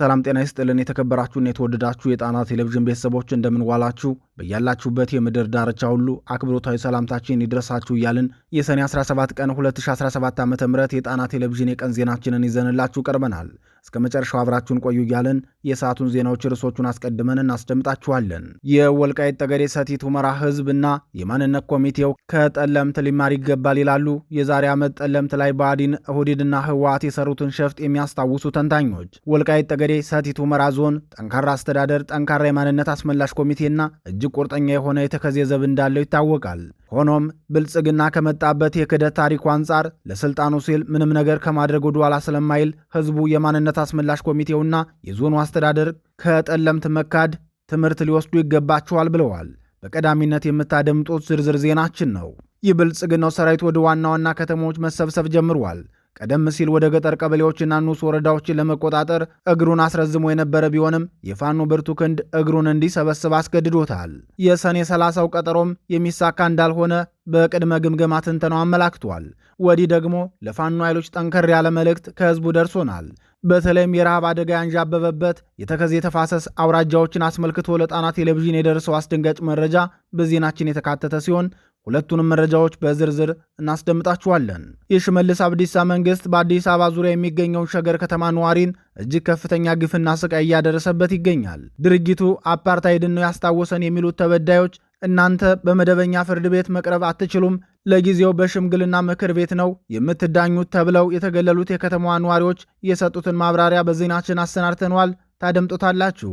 ሰላም ጤና ይስጥልን። የተከበራችሁና የተወደዳችሁ የጣና ቴሌቪዥን ቤተሰቦች እንደምንዋላችሁ፣ በያላችሁበት የምድር ዳርቻ ሁሉ አክብሮታዊ ሰላምታችን ይድረሳችሁ እያልን የሰኔ 17 ቀን 2017 ዓ ም የጣና ቴሌቪዥን የቀን ዜናችንን ይዘንላችሁ ቀርበናል። እስከ መጨረሻው አብራችሁን ቆዩ እያለን የሰዓቱን ዜናዎች ርዕሶቹን አስቀድመን እናስደምጣችኋለን። የወልቃይት ጠገዴ ሰቲት ሁመራ ህዝብና የማንነት ኮሚቴው ከጠለምት ሊማር ይገባል ይላሉ። የዛሬ ዓመት ጠለምት ላይ ብአዴን ኦህዴድና ህወሓት የሰሩትን ሸፍጥ የሚያስታውሱ ተንታኞች ወልቃይት ጠገዴ ሰቲት ሁመራ ዞን ጠንካራ አስተዳደር፣ ጠንካራ የማንነት አስመላሽ ኮሚቴና እጅግ ቁርጠኛ የሆነ የተከዜ ዘብ እንዳለው ይታወቃል። ሆኖም ብልጽግና ከመጣበት የክደት ታሪኩ አንጻር ለስልጣኑ ሲል ምንም ነገር ከማድረግ ወደኋላ ስለማይል ህዝቡ የማንነት አስመላሽ ኮሚቴውና የዞኑ አስተዳደር ከጠለምት መካድ ትምህርት ሊወስዱ ይገባቸዋል ብለዋል። በቀዳሚነት የምታደምጡት ዝርዝር ዜናችን ነው። ይህ ብልጽግናው ሰራዊት ወደ ዋና ዋና ከተሞች መሰብሰብ ጀምሯል። ቀደም ሲል ወደ ገጠር ቀበሌዎችና ኑስ ወረዳዎችን ለመቆጣጠር እግሩን አስረዝሞ የነበረ ቢሆንም የፋኖ ብርቱ ክንድ እግሩን እንዲሰበስብ አስገድዶታል። የሰኔ 30ው ቀጠሮም የሚሳካ እንዳልሆነ በቅድመ ግምገማ ትንተናው አመላክቷል። ወዲህ ደግሞ ለፋኖ ኃይሎች ጠንከር ያለ መልእክት ከህዝቡ ደርሶናል። በተለይም የረሃብ አደጋ ያንዣበበበት የተከዜ የተፋሰስ አውራጃዎችን አስመልክቶ ለጣና ቴሌቪዥን የደረሰው አስደንጋጭ መረጃ በዜናችን የተካተተ ሲሆን ሁለቱንም መረጃዎች በዝርዝር እናስደምጣችኋለን። የሽመልስ አብዲሳ መንግስት በአዲስ አበባ ዙሪያ የሚገኘውን ሸገር ከተማ ነዋሪን እጅግ ከፍተኛ ግፍና ስቃይ እያደረሰበት ይገኛል። ድርጊቱ አፓርታይድን ነው ያስታወሰን የሚሉት ተበዳዮች እናንተ በመደበኛ ፍርድ ቤት መቅረብ አትችሉም፣ ለጊዜው በሽምግልና ምክር ቤት ነው የምትዳኙት ተብለው የተገለሉት የከተማዋ ነዋሪዎች የሰጡትን ማብራሪያ በዜናችን አሰናድተነዋል። ታደምጡታላችሁ።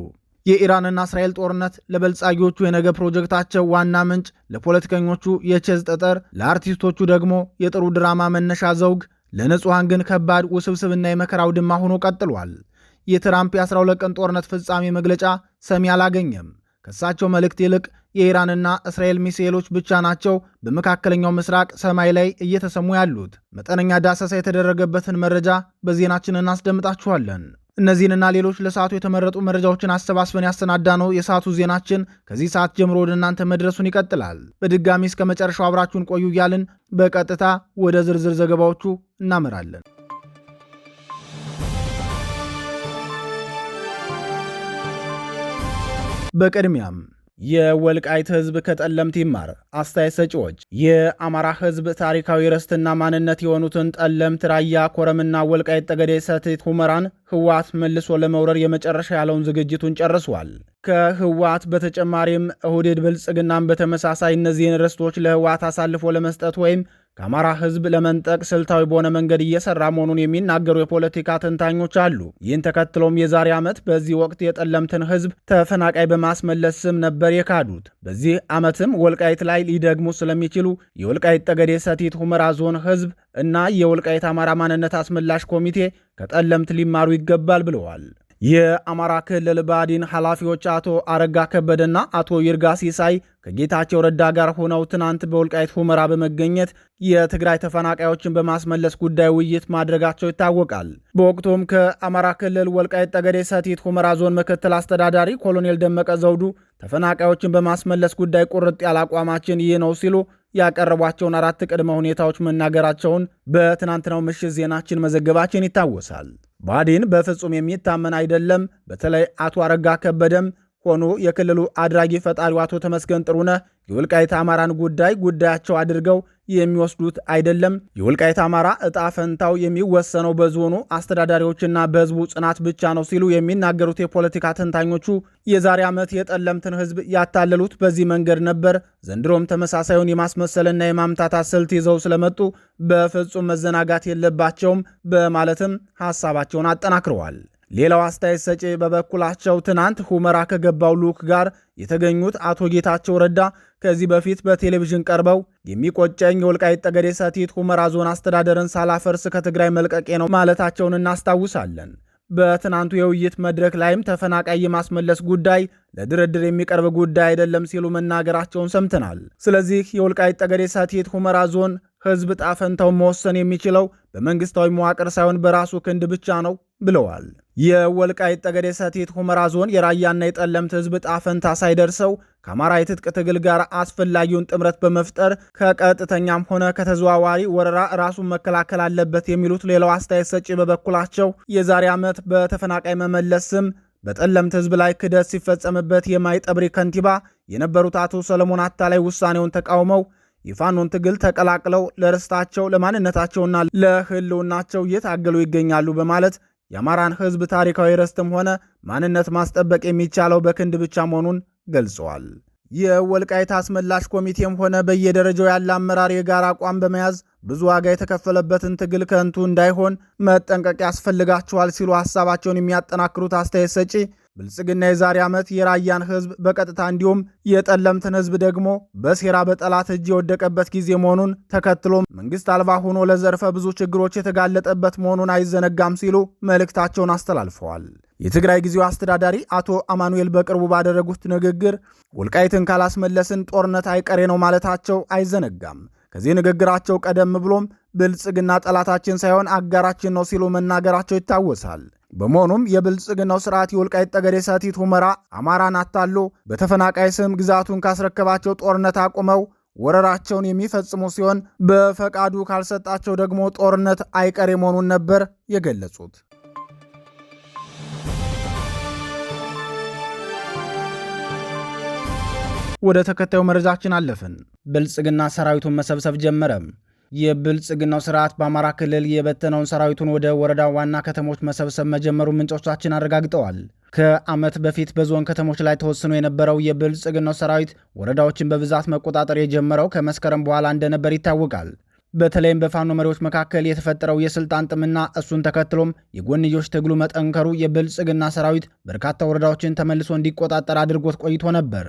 የኢራንና እስራኤል ጦርነት ለበልጻጊዎቹ የነገ ፕሮጀክታቸው ዋና ምንጭ፣ ለፖለቲከኞቹ የቼዝ ጠጠር፣ ለአርቲስቶቹ ደግሞ የጥሩ ድራማ መነሻ ዘውግ፣ ለንጹሐን ግን ከባድ ውስብስብና የመከራ ውድማ ሆኖ ቀጥሏል። የትራምፕ የ12 ቀን ጦርነት ፍጻሜ መግለጫ ሰሚ አላገኘም። ከእሳቸው መልእክት ይልቅ የኢራንና እስራኤል ሚሳኤሎች ብቻ ናቸው በመካከለኛው ምስራቅ ሰማይ ላይ እየተሰሙ ያሉት። መጠነኛ ዳሰሳ የተደረገበትን መረጃ በዜናችን እናስደምጣችኋለን። እነዚህንና ሌሎች ለሰዓቱ የተመረጡ መረጃዎችን አሰባስበን ነው የሰዓቱ ዜናችን ከዚህ ሰዓት ጀምሮ ወደ እናንተ መድረሱን ይቀጥላል። በድጋሚ እስከ መጨረሻው አብራችሁን ቆዩ እያልን በቀጥታ ወደ ዝርዝር ዘገባዎቹ እናመራለን። በቅድሚያም የወልቃይት ህዝብ ከጠለምት ይማር። አስተያየት ሰጪዎች የአማራ ህዝብ ታሪካዊ ርስትና ማንነት የሆኑትን ጠለምት፣ ራያ፣ ኮረምና ወልቃይት ጠገዴ፣ ሰቲት ሁመራን ህወሓት መልሶ ለመውረር የመጨረሻ ያለውን ዝግጅቱን ጨርሷል። ከህወሓት በተጨማሪም ኦህዴድ ብልጽግናን በተመሳሳይ እነዚህን ርስቶች ለህወሓት አሳልፎ ለመስጠት ወይም ከአማራ ህዝብ ለመንጠቅ ስልታዊ በሆነ መንገድ እየሰራ መሆኑን የሚናገሩ የፖለቲካ ተንታኞች አሉ። ይህን ተከትሎም የዛሬ ዓመት በዚህ ወቅት የጠለምትን ህዝብ ተፈናቃይ በማስመለስ ስም ነበር የካዱት። በዚህ ዓመትም ወልቃይት ላይ ሊደግሙ ስለሚችሉ የወልቃይት ጠገዴ ሰቲት ሁመራ ዞን ህዝብ እና የወልቃይት አማራ ማንነት አስመላሽ ኮሚቴ ከጠለምት ሊማሩ ይገባል ብለዋል። የአማራ ክልል ብአዴን ኃላፊዎች አቶ አረጋ ከበደና አቶ ይርጋ ሲሳይ ከጌታቸው ረዳ ጋር ሆነው ትናንት በወልቃይት ሁመራ በመገኘት የትግራይ ተፈናቃዮችን በማስመለስ ጉዳይ ውይይት ማድረጋቸው ይታወቃል። በወቅቱም ከአማራ ክልል ወልቃይት ጠገዴ ሰቲት ሁመራ ዞን ምክትል አስተዳዳሪ ኮሎኔል ደመቀ ዘውዱ ተፈናቃዮችን በማስመለስ ጉዳይ ቁርጥ ያለ አቋማችን ይህ ነው ሲሉ ያቀረቧቸውን አራት ቅድመ ሁኔታዎች መናገራቸውን በትናንትናው ምሽት ዜናችን መዘገባችን ይታወሳል። ብአዴን በፍጹም የሚታመን አይደለም። በተለይ አቶ አረጋ ከበደም ሆኑ የክልሉ አድራጊ ፈጣሪው አቶ ተመስገን ጥሩነህ የወልቃይት አማራን ጉዳይ ጉዳያቸው አድርገው የሚወስዱት አይደለም። የወልቃይት አማራ እጣ ፈንታው የሚወሰነው በዞኑ አስተዳዳሪዎችና በህዝቡ ጽናት ብቻ ነው ሲሉ የሚናገሩት የፖለቲካ ተንታኞቹ የዛሬ ዓመት የጠለምትን ህዝብ ያታለሉት በዚህ መንገድ ነበር። ዘንድሮም ተመሳሳዩን የማስመሰልና የማምታታት ስልት ይዘው ስለመጡ በፍጹም መዘናጋት የለባቸውም በማለትም ሀሳባቸውን አጠናክረዋል። ሌላው አስተያየት ሰጪ በበኩላቸው ትናንት ሁመራ ከገባው ልዑክ ጋር የተገኙት አቶ ጌታቸው ረዳ ከዚህ በፊት በቴሌቪዥን ቀርበው የሚቆጨኝ የወልቃይት ጠገዴ ሰቲት ሁመራ ዞን አስተዳደርን ሳላፈርስ ከትግራይ መልቀቄ ነው ማለታቸውን እናስታውሳለን። በትናንቱ የውይይት መድረክ ላይም ተፈናቃይ የማስመለስ ጉዳይ ለድርድር የሚቀርብ ጉዳይ አይደለም ሲሉ መናገራቸውን ሰምተናል። ስለዚህ የወልቃይት ጠገዴ ሰቲት ሁመራ ዞን ህዝብ ጣፈንታው መወሰን የሚችለው በመንግስታዊ መዋቅር ሳይሆን በራሱ ክንድ ብቻ ነው ብለዋል። የወልቃይት ጠገዴ ሰቲት ሁመራ ዞን የራያና የጠለምት ህዝብ ጣፈንታ ሳይደርሰው ከአማራ የትጥቅ ትግል ጋር አስፈላጊውን ጥምረት በመፍጠር ከቀጥተኛም ሆነ ከተዘዋዋሪ ወረራ ራሱን መከላከል አለበት የሚሉት ሌላው አስተያየት ሰጪ በበኩላቸው የዛሬ ዓመት በተፈናቃይ መመለስ ስም በጠለምት ህዝብ ላይ ክደት ሲፈጸምበት የማይጠብሪ ከንቲባ የነበሩት አቶ ሰለሞን አታላይ ውሳኔውን ተቃውመው የፋኖን ትግል ተቀላቅለው ለርስታቸው ለማንነታቸውና ለህልውናቸው እየታገሉ ይገኛሉ በማለት የአማራን ህዝብ ታሪካዊ ርስትም ሆነ ማንነት ማስጠበቅ የሚቻለው በክንድ ብቻ መሆኑን ገልጸዋል። የወልቃይት አስመላሽ ኮሚቴም ሆነ በየደረጃው ያለ አመራር የጋራ አቋም በመያዝ ብዙ ዋጋ የተከፈለበትን ትግል ከንቱ እንዳይሆን መጠንቀቅ ያስፈልጋቸዋል ሲሉ ሀሳባቸውን የሚያጠናክሩት አስተያየት ሰጪ ብልጽግና የዛሬ ዓመት የራያን ህዝብ በቀጥታ እንዲሁም የጠለምትን ህዝብ ደግሞ በሴራ በጠላት እጅ የወደቀበት ጊዜ መሆኑን ተከትሎ መንግስት አልባ ሆኖ ለዘርፈ ብዙ ችግሮች የተጋለጠበት መሆኑን አይዘነጋም ሲሉ መልእክታቸውን አስተላልፈዋል። የትግራይ ጊዜው አስተዳዳሪ አቶ አማኑኤል በቅርቡ ባደረጉት ንግግር ወልቃይትን ካላስመለስን ጦርነት አይቀሬ ነው ማለታቸው አይዘነጋም። ከዚህ ንግግራቸው ቀደም ብሎም ብልጽግና ጠላታችን ሳይሆን አጋራችን ነው ሲሉ መናገራቸው ይታወሳል። በመሆኑም የብልጽግናው ስርዓት የወልቃይት ጠገዴ፣ ሰቲት ሁመራ አማራን አታሎ በተፈናቃይ ስም ግዛቱን ካስረከባቸው ጦርነት አቁመው ወረራቸውን የሚፈጽሙ ሲሆን በፈቃዱ ካልሰጣቸው ደግሞ ጦርነት አይቀሬ መሆኑን ነበር የገለጹት። ወደ ተከታዩ መረጃችን አለፍን። ብልጽግና ሰራዊቱን መሰብሰብ ጀመረም። የብልጽግናው ስርዓት በአማራ ክልል የበተነውን ሰራዊቱን ወደ ወረዳ ዋና ከተሞች መሰብሰብ መጀመሩ ምንጮቻችን አረጋግጠዋል። ከዓመት በፊት በዞን ከተሞች ላይ ተወስኖ የነበረው የብልጽግናው ሰራዊት ወረዳዎችን በብዛት መቆጣጠር የጀመረው ከመስከረም በኋላ እንደነበር ይታወቃል። በተለይም በፋኖ መሪዎች መካከል የተፈጠረው የስልጣን ጥምና እሱን ተከትሎም የጎንዮሽ ትግሉ መጠንከሩ የብልጽግና ሰራዊት በርካታ ወረዳዎችን ተመልሶ እንዲቆጣጠር አድርጎት ቆይቶ ነበር።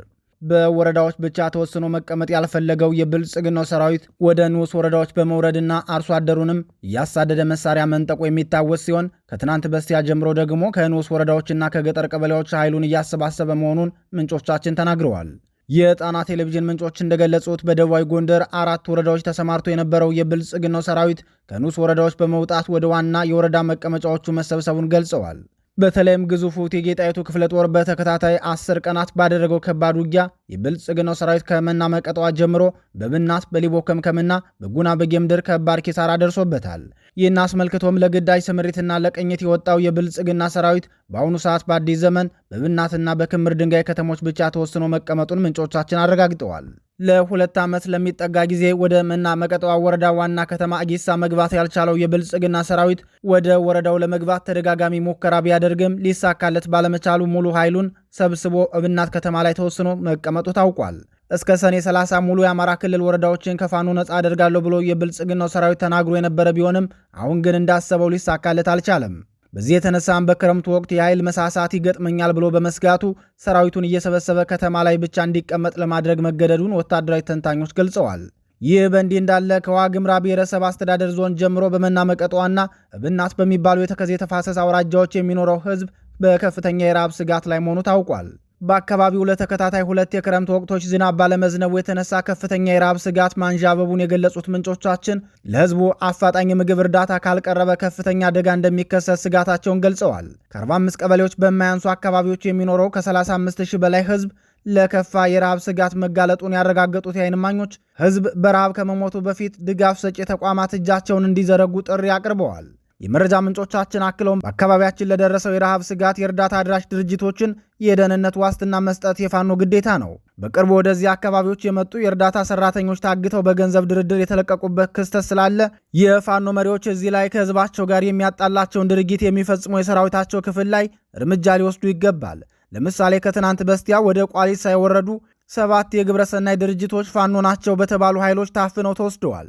በወረዳዎች ብቻ ተወስኖ መቀመጥ ያልፈለገው የብልጽግናው ሰራዊት ወደ ንዑስ ወረዳዎች በመውረድና አርሶ አደሩንም እያሳደደ መሳሪያ መንጠቁ የሚታወስ ሲሆን ከትናንት በስቲያ ጀምሮ ደግሞ ከንዑስ ወረዳዎችና ከገጠር ቀበሌዎች ኃይሉን እያሰባሰበ መሆኑን ምንጮቻችን ተናግረዋል። የጣና ቴሌቪዥን ምንጮች እንደገለጹት በደቡባዊ ጎንደር አራት ወረዳዎች ተሰማርቶ የነበረው የብልጽግናው ሰራዊት ከንዑስ ወረዳዎች በመውጣት ወደ ዋና የወረዳ መቀመጫዎቹ መሰብሰቡን ገልጸዋል። በተለይም ግዙፉ እቴጌ ጣይቱ ክፍለ ጦር በተከታታይ አስር ቀናት ባደረገው ከባድ ውጊያ የብልጽግናው ሰራዊት ከመና መቀጠዋ ጀምሮ በብናት በሊቦ ከምከምና በጉና በጌምድር ከባድ ኪሳራ ደርሶበታል። ይህን አስመልክቶም ለግዳጅ ስምሪትና ለቅኝት የወጣው የብልጽግና ሰራዊት በአሁኑ ሰዓት በአዲስ ዘመን በብናትና በክምር ድንጋይ ከተሞች ብቻ ተወስኖ መቀመጡን ምንጮቻችን አረጋግጠዋል። ለሁለት ዓመት ለሚጠጋ ጊዜ ወደ መና መቀጠዋ ወረዳ ዋና ከተማ አጊሳ መግባት ያልቻለው የብልጽግና ሰራዊት ወደ ወረዳው ለመግባት ተደጋጋሚ ሙከራ ቢያደርግም ሊሳካለት ባለመቻሉ ሙሉ ኃይሉን ሰብስቦ እብናት ከተማ ላይ ተወስኖ መቀመጡ ታውቋል። እስከ ሰኔ 30 ሙሉ የአማራ ክልል ወረዳዎችን ከፋኖ ነፃ አደርጋለሁ ብሎ የብልጽግናው ሰራዊት ተናግሮ የነበረ ቢሆንም አሁን ግን እንዳሰበው ሊሳካለት አልቻለም። በዚህ የተነሳም በክረምቱ ወቅት የኃይል መሳሳት ይገጥመኛል ብሎ በመስጋቱ ሰራዊቱን እየሰበሰበ ከተማ ላይ ብቻ እንዲቀመጥ ለማድረግ መገደዱን ወታደራዊ ተንታኞች ገልጸዋል። ይህ በእንዲህ እንዳለ ከዋግምራ ብሔረሰብ አስተዳደር ዞን ጀምሮ በመናመቀጧና እብናት በሚባሉ የተከዜ ተፋሰስ አውራጃዎች የሚኖረው ሕዝብ በከፍተኛ የረሃብ ስጋት ላይ መሆኑ ታውቋል። በአካባቢው ለተከታታይ ሁለት የክረምት ወቅቶች ዝናብ ባለመዝነቡ የተነሳ ከፍተኛ የራብ ስጋት ማንዣበቡን የገለጹት ምንጮቻችን ለህዝቡ አፋጣኝ የምግብ እርዳታ ካልቀረበ ከፍተኛ አደጋ እንደሚከሰት ስጋታቸውን ገልጸዋል። ከ45 ቀበሌዎች በማያንሱ አካባቢዎች የሚኖረው ከ35 ሺህ በላይ ህዝብ ለከፋ የረሃብ ስጋት መጋለጡን ያረጋገጡት የዓይን እማኞች ህዝብ በረሃብ ከመሞቱ በፊት ድጋፍ ሰጪ ተቋማት እጃቸውን እንዲዘረጉ ጥሪ አቅርበዋል። የመረጃ ምንጮቻችን አክለውም በአካባቢያችን ለደረሰው የረሃብ ስጋት የእርዳታ አድራሽ ድርጅቶችን የደህንነት ዋስትና መስጠት የፋኖ ግዴታ ነው። በቅርቡ ወደዚህ አካባቢዎች የመጡ የእርዳታ ሰራተኞች ታግተው በገንዘብ ድርድር የተለቀቁበት ክስተት ስላለ የፋኖ መሪዎች እዚህ ላይ ከህዝባቸው ጋር የሚያጣላቸውን ድርጊት የሚፈጽሙ የሰራዊታቸው ክፍል ላይ እርምጃ ሊወስዱ ይገባል። ለምሳሌ ከትናንት በስቲያ ወደ ቋሊት ሳይወረዱ ሰባት የግብረሰናይ ድርጅቶች ፋኖ ናቸው በተባሉ ኃይሎች ታፍነው ተወስደዋል።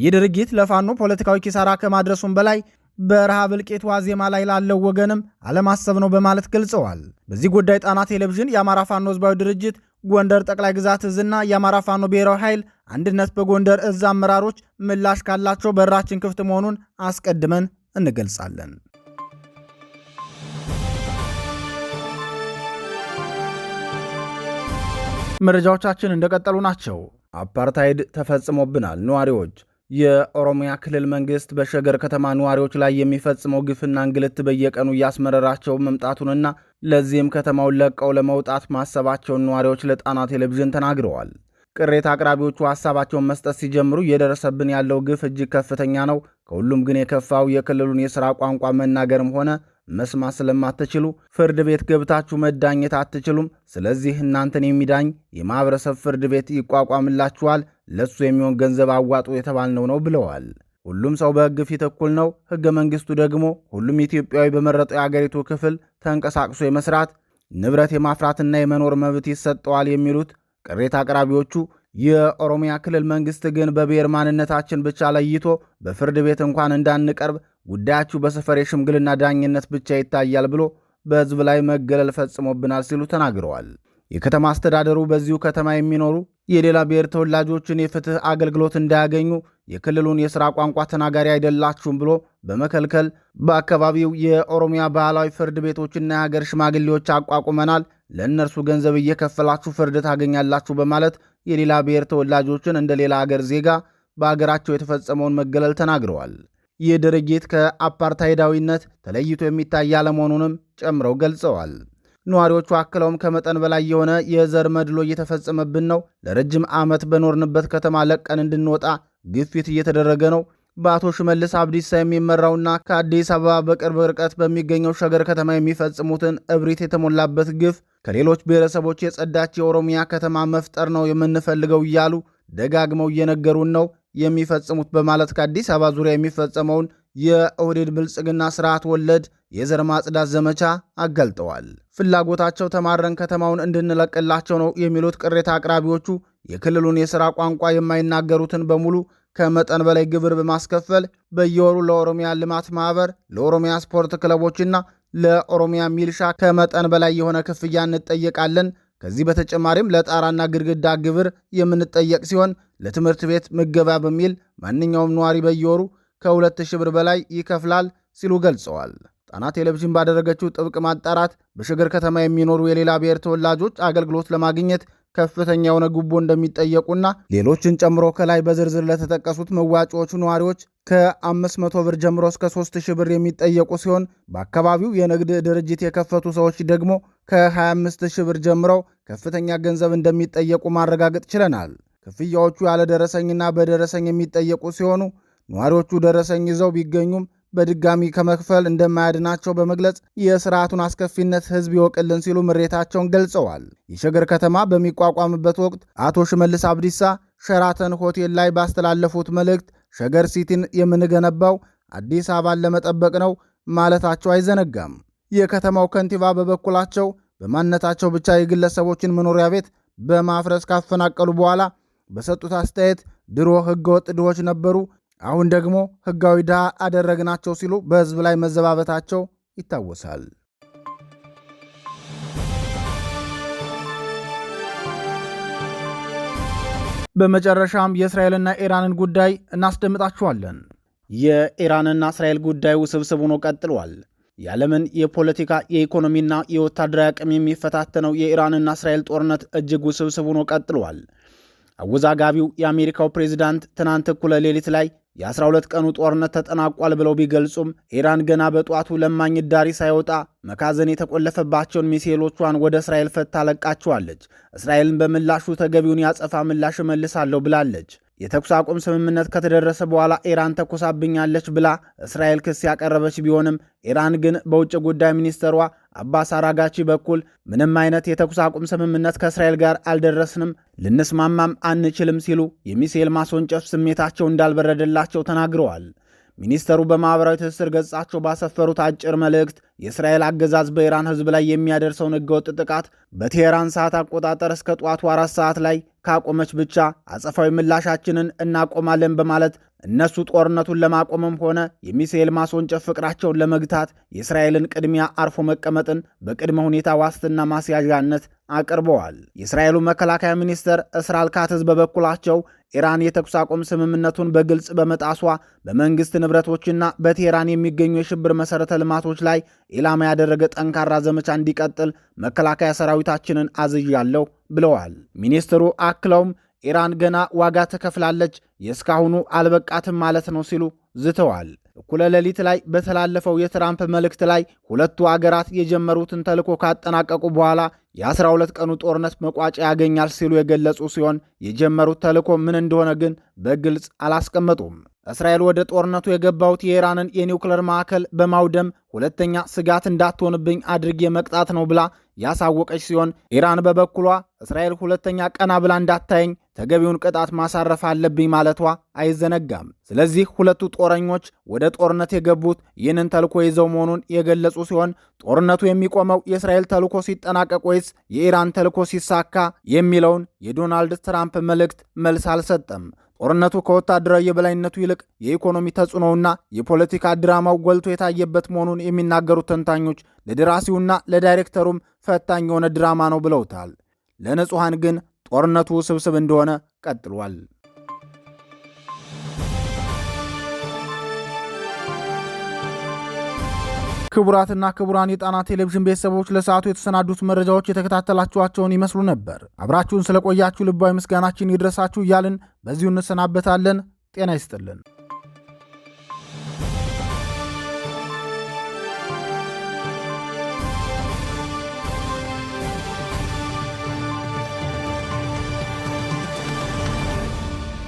ይህ ድርጊት ለፋኖ ፖለቲካዊ ኪሳራ ከማድረሱም በላይ በረሃብ እልቂት ዋዜማ ላይ ላለው ወገንም አለማሰብ ነው በማለት ገልጸዋል። በዚህ ጉዳይ ጣና ቴሌቪዥን የአማራ ፋኖ ህዝባዊ ድርጅት ጎንደር ጠቅላይ ግዛት እዝና የአማራ ፋኖ ብሔራዊ ኃይል አንድነት በጎንደር እዝ አመራሮች ምላሽ ካላቸው በራችን ክፍት መሆኑን አስቀድመን እንገልጻለን። መረጃዎቻችን እንደቀጠሉ ናቸው። አፓርታይድ ተፈጽሞብናል ነዋሪዎች የኦሮሚያ ክልል መንግስት በሸገር ከተማ ነዋሪዎች ላይ የሚፈጽመው ግፍና እንግልት በየቀኑ እያስመረራቸው መምጣቱንና ለዚህም ከተማውን ለቀው ለመውጣት ማሰባቸውን ነዋሪዎች ለጣና ቴሌቪዥን ተናግረዋል። ቅሬታ አቅራቢዎቹ ሀሳባቸውን መስጠት ሲጀምሩ እየደረሰብን ያለው ግፍ እጅግ ከፍተኛ ነው። ከሁሉም ግን የከፋው የክልሉን የሥራ ቋንቋ መናገርም ሆነ መስማት ስለማትችሉ ፍርድ ቤት ገብታችሁ መዳኘት አትችሉም። ስለዚህ እናንተን የሚዳኝ የማኅበረሰብ ፍርድ ቤት ይቋቋምላችኋል ለእሱ የሚሆን ገንዘብ አዋጡ የተባልነው ነው ብለዋል። ሁሉም ሰው በሕግ ፊት እኩል ነው። ሕገ መንግሥቱ ደግሞ ሁሉም ኢትዮጵያዊ በመረጠው የአገሪቱ ክፍል ተንቀሳቅሶ የመስራት ንብረት የማፍራትና የመኖር መብት ይሰጠዋል የሚሉት ቅሬታ አቅራቢዎቹ የኦሮሚያ ክልል መንግስት ግን በብሔር ማንነታችን ብቻ ለይቶ በፍርድ ቤት እንኳን እንዳንቀርብ ጉዳያችሁ በሰፈር የሽምግልና ዳኝነት ብቻ ይታያል ብሎ በሕዝብ ላይ መገለል ፈጽሞብናል ሲሉ ተናግረዋል። የከተማ አስተዳደሩ በዚሁ ከተማ የሚኖሩ የሌላ ብሔር ተወላጆችን የፍትህ አገልግሎት እንዳያገኙ የክልሉን የሥራ ቋንቋ ተናጋሪ አይደላችሁም ብሎ በመከልከል በአካባቢው የኦሮሚያ ባህላዊ ፍርድ ቤቶችና የሀገር ሽማግሌዎች አቋቁመናል፣ ለእነርሱ ገንዘብ እየከፈላችሁ ፍርድ ታገኛላችሁ በማለት የሌላ ብሔር ተወላጆችን እንደ ሌላ አገር ዜጋ በአገራቸው የተፈጸመውን መገለል ተናግረዋል። ይህ ድርጊት ከአፓርታይዳዊነት ተለይቶ የሚታይ አለመሆኑንም ጨምረው ገልጸዋል። ነዋሪዎቹ አክለውም ከመጠን በላይ የሆነ የዘር መድሎ እየተፈጸመብን ነው። ለረጅም ዓመት በኖርንበት ከተማ ለቀን እንድንወጣ ግፊት እየተደረገ ነው። በአቶ ሽመልስ አብዲሳ የሚመራውና ከአዲስ አበባ በቅርብ ርቀት በሚገኘው ሸገር ከተማ የሚፈጽሙትን እብሪት የተሞላበት ግፍ ከሌሎች ብሔረሰቦች የጸዳች የኦሮሚያ ከተማ መፍጠር ነው የምንፈልገው እያሉ ደጋግመው እየነገሩን ነው የሚፈጽሙት በማለት ከአዲስ አበባ ዙሪያ የሚፈጸመውን የኦህዴድ ብልጽግና ስርዓት ወለድ የዘር ማጽዳት ዘመቻ አገልጠዋል። ፍላጎታቸው ተማረን ከተማውን እንድንለቅላቸው ነው የሚሉት ቅሬታ አቅራቢዎቹ የክልሉን የሥራ ቋንቋ የማይናገሩትን በሙሉ ከመጠን በላይ ግብር በማስከፈል በየወሩ ለኦሮሚያ ልማት ማኅበር፣ ለኦሮሚያ ስፖርት ክለቦችና ለኦሮሚያ ሚልሻ ከመጠን በላይ የሆነ ክፍያ እንጠየቃለን። ከዚህ በተጨማሪም ለጣራና ግድግዳ ግብር የምንጠየቅ ሲሆን ለትምህርት ቤት ምገባ በሚል ማንኛውም ነዋሪ በየወሩ ከሁለት ሺህ ብር በላይ ይከፍላል ሲሉ ገልጸዋል። ጣና ቴሌቪዥን ባደረገችው ጥብቅ ማጣራት በሸገር ከተማ የሚኖሩ የሌላ ብሔር ተወላጆች አገልግሎት ለማግኘት ከፍተኛ የሆነ ጉቦ እንደሚጠየቁና ሌሎችን ጨምሮ ከላይ በዝርዝር ለተጠቀሱት መዋጮዎቹ ነዋሪዎች ከ500 ብር ጀምሮ እስከ 3000 ብር የሚጠየቁ ሲሆን በአካባቢው የንግድ ድርጅት የከፈቱ ሰዎች ደግሞ ከ25000 ብር ጀምረው ከፍተኛ ገንዘብ እንደሚጠየቁ ማረጋገጥ ችለናል። ክፍያዎቹ ያለ ደረሰኝና በደረሰኝ የሚጠየቁ ሲሆኑ ነዋሪዎቹ ደረሰኝ ይዘው ቢገኙም በድጋሚ ከመክፈል እንደማያድናቸው በመግለጽ የስርዓቱን አስከፊነት ህዝብ ይወቅልን ሲሉ ምሬታቸውን ገልጸዋል። የሸገር ከተማ በሚቋቋምበት ወቅት አቶ ሽመልስ አብዲሳ ሸራተን ሆቴል ላይ ባስተላለፉት መልእክት ሸገር ሲቲን የምንገነባው አዲስ አበባን ለመጠበቅ ነው ማለታቸው አይዘነጋም። የከተማው ከንቲባ በበኩላቸው በማንነታቸው ብቻ የግለሰቦችን መኖሪያ ቤት በማፍረስ ካፈናቀሉ በኋላ በሰጡት አስተያየት ድሮ ህገወጥ ድሆች ነበሩ አሁን ደግሞ ህጋዊ ድሃ አደረግናቸው ሲሉ በህዝብ ላይ መዘባበታቸው ይታወሳል። በመጨረሻም የእስራኤልና ኢራንን ጉዳይ እናስደምጣችኋለን። የኢራንና እስራኤል ጉዳይ ውስብስብ ሆኖ ቀጥሏል። የዓለምን የፖለቲካ የኢኮኖሚና የወታደራዊ አቅም የሚፈታተነው የኢራንና እስራኤል ጦርነት እጅግ ውስብስብ ሆኖ ቀጥሏል። አወዛጋቢው የአሜሪካው ፕሬዚዳንት ትናንት እኩለ ሌሊት ላይ የ12 ቀኑ ጦርነት ተጠናቋል ብለው ቢገልጹም ኢራን ገና በጧቱ ለማኝ ዳሪ ሳይወጣ መካዘን የተቆለፈባቸውን ሚሳኤሎቿን ወደ እስራኤል ፈታ ለቃቸዋለች። እስራኤልን በምላሹ ተገቢውን ያጸፋ ምላሽ እመልሳለሁ ብላለች። የተኩስ አቁም ስምምነት ከተደረሰ በኋላ ኢራን ተኩሳብኛለች ብላ እስራኤል ክስ ያቀረበች ቢሆንም ኢራን ግን በውጭ ጉዳይ ሚኒስተሯ አባስ አራጋቺ በኩል ምንም አይነት የተኩስ አቁም ስምምነት ከእስራኤል ጋር አልደረስንም፣ ልንስማማም አንችልም ሲሉ የሚሳኤል ማስወንጨፍ ስሜታቸው እንዳልበረደላቸው ተናግረዋል። ሚኒስተሩ በማኅበራዊ ትስስር ገጻቸው ባሰፈሩት አጭር መልእክት የእስራኤል አገዛዝ በኢራን ህዝብ ላይ የሚያደርሰውን ህገወጥ ጥቃት በቴሄራን ሰዓት አቆጣጠር እስከ ጠዋቱ አራት ሰዓት ላይ ካቆመች ብቻ አጸፋዊ ምላሻችንን እናቆማለን በማለት እነሱ ጦርነቱን ለማቆምም ሆነ የሚሳኤል ማስወንጨፍ ፍቅራቸውን ለመግታት የእስራኤልን ቅድሚያ አርፎ መቀመጥን በቅድመ ሁኔታ ዋስትና ማስያዣነት አቅርበዋል። የእስራኤሉ መከላከያ ሚኒስትር እስራኤል ካትዝ በበኩላቸው ኢራን የተኩስ አቁም ስምምነቱን በግልጽ በመጣሷ በመንግስት ንብረቶችና በቴሄራን የሚገኙ የሽብር መሠረተ ልማቶች ላይ ኢላማ ያደረገ ጠንካራ ዘመቻ እንዲቀጥል መከላከያ ሰራዊታችንን አዝዣለሁ ብለዋል። ሚኒስትሩ አክለውም ኢራን ገና ዋጋ ትከፍላለች፣ የእስካሁኑ አልበቃትም ማለት ነው ሲሉ ዝተዋል። እኩለ ሌሊት ላይ በተላለፈው የትራምፕ መልእክት ላይ ሁለቱ አገራት የጀመሩትን ተልዕኮ ካጠናቀቁ በኋላ የ12 ቀኑ ጦርነት መቋጫ ያገኛል ሲሉ የገለጹ ሲሆን የጀመሩት ተልዕኮ ምን እንደሆነ ግን በግልጽ አላስቀመጡም። እስራኤል ወደ ጦርነቱ የገባሁት የኢራንን የኒውክለር ማዕከል በማውደም ሁለተኛ ስጋት እንዳትሆንብኝ አድርጌ መቅጣት ነው ብላ ያሳወቀች ሲሆን ኢራን በበኩሏ እስራኤል ሁለተኛ ቀና ብላ እንዳታየኝ ተገቢውን ቅጣት ማሳረፍ አለብኝ ማለቷ አይዘነጋም። ስለዚህ ሁለቱ ጦረኞች ወደ ጦርነት የገቡት ይህንን ተልኮ ይዘው መሆኑን የገለጹ ሲሆን ጦርነቱ የሚቆመው የእስራኤል ተልኮ ሲጠናቀቅ ወይስ የኢራን ተልኮ ሲሳካ የሚለውን የዶናልድ ትራምፕ መልእክት መልስ አልሰጠም። ጦርነቱ ከወታደራዊ የበላይነቱ ይልቅ የኢኮኖሚ ተጽዕኖውና የፖለቲካ ድራማው ጎልቶ የታየበት መሆኑን የሚናገሩት ተንታኞች ለደራሲውና ለዳይሬክተሩም ፈታኝ የሆነ ድራማ ነው ብለውታል። ለንጹሐን ግን ጦርነቱ ውስብስብ እንደሆነ ቀጥሏል። ክቡራትና ክቡራን የጣና ቴሌቪዥን ቤተሰቦች ለሰዓቱ የተሰናዱት መረጃዎች የተከታተላችኋቸውን ይመስሉ ነበር። አብራችሁን ስለቆያችሁ ልባዊ ምስጋናችን ይድረሳችሁ እያልን በዚሁ እንሰናበታለን። ጤና ይስጥልን።